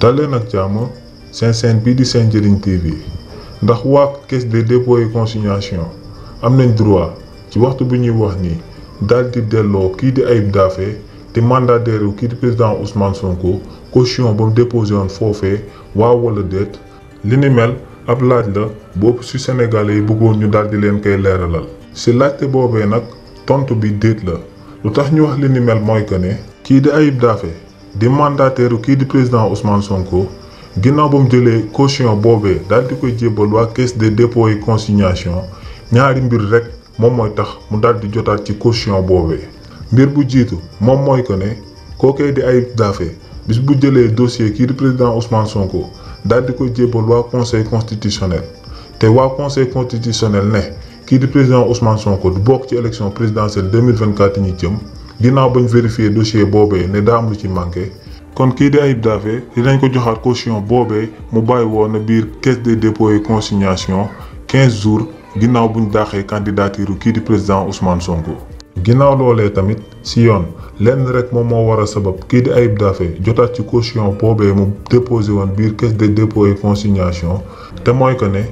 dalee nag jàmm seen seen bii di seen njëriñ TV ndax waa kes des dépôts et consignation am nañ droit ci waxtu bu ñuy wax ni daal di delloo kii di Ayib Daffé di mandataire kii di président Ousmane Sonko caution ba mu déposé woon foofee waaw wala déet li ab laaj la bopp si Sénégalais yi bëggoon ñu daal di leen koy leeralal. si laajte boobee nag tontu bi déet la lu tax ñu wax li ni mel mooy que ne kii di Ayib daafe di mandataire kii di président Ousmane Sonko ginnaaw ba mu jëlee caution boobee daal di koy jébbal waa kes des dépôts et consignation ñaari mbir rek moom mooy tax mu daal di jotaat ci caution boobee. mbir bu jiitu moom mooy ko ne kookee di Ayib Daffé bis bu jëlee dossier kii di président Ousmane Sonko daal di koy jébbal waa conseil constitutionnel te waa conseil constitutionnel ne kii di président Ousmane Sonko du bokk ci élection présidentielle 2024 jëm. ginnaaw bañ vérifier dossier boobee ne daa am lu ci manqué kon kii di Ayib Daffé dinañ ko joxaat caution boobee mu bàyyi woon na biir caisse des dépôts et consignation jours ginnaaw buñ daaxee candidature kii di président Ousmane Sonko. ginnaaw loolee tamit si yoon lenn rek moom moo war a sabab kii di Ayib Daffé jotaat ci caution boobee mu déposé woon biir kes de dépôts et consignation te mooy que ne.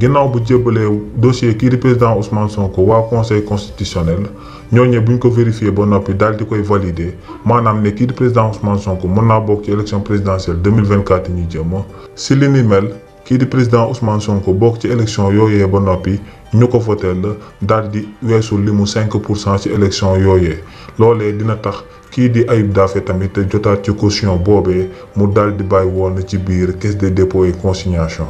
ginnaaw bu jébbalee dossier kii di président Ousmane Sonko waa conseil constitutionnel ñooñu bu ñu ko vérifié ba noppi daal di koy valider maanaam ne kii di président Ousmane Sonko mën naa bokk ci élection présidentielle 2024 yi ñu jëm si li ni mel kii di président Ousmane Sonko bokk ci élection yooyee ba noppi ñu ko voteel daal di weesu limu 5 pour cent ci élection yooyee loolee dina tax kii di Ayib Daffé tamit jotaat ci caution boobee mu dal di bàyyi woon ci biir caisse des dépôts et consignation.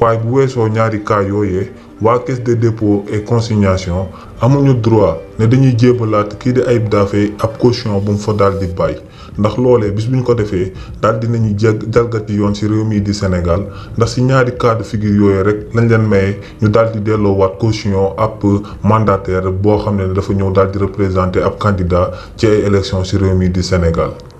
waaye bu weesoo ñaari kaa yooyee waa caisse de dépôt et consignation amuñu droit ne dañuy jébbalaat kii di ay Daffé ab caution bu mu fa daal di bàyyi ndax loolee bis bu ñu ko defee daal di nañu jalgati yoon ci réew mii di Sénégal ndax ci ñaari cas de figure yooyu rek lañ leen maye ñu daal di waat caution ab mandataire boo xam ne dafa ñëw daal di représenter ab candidat ci ay élection ci réew mii di Sénégal.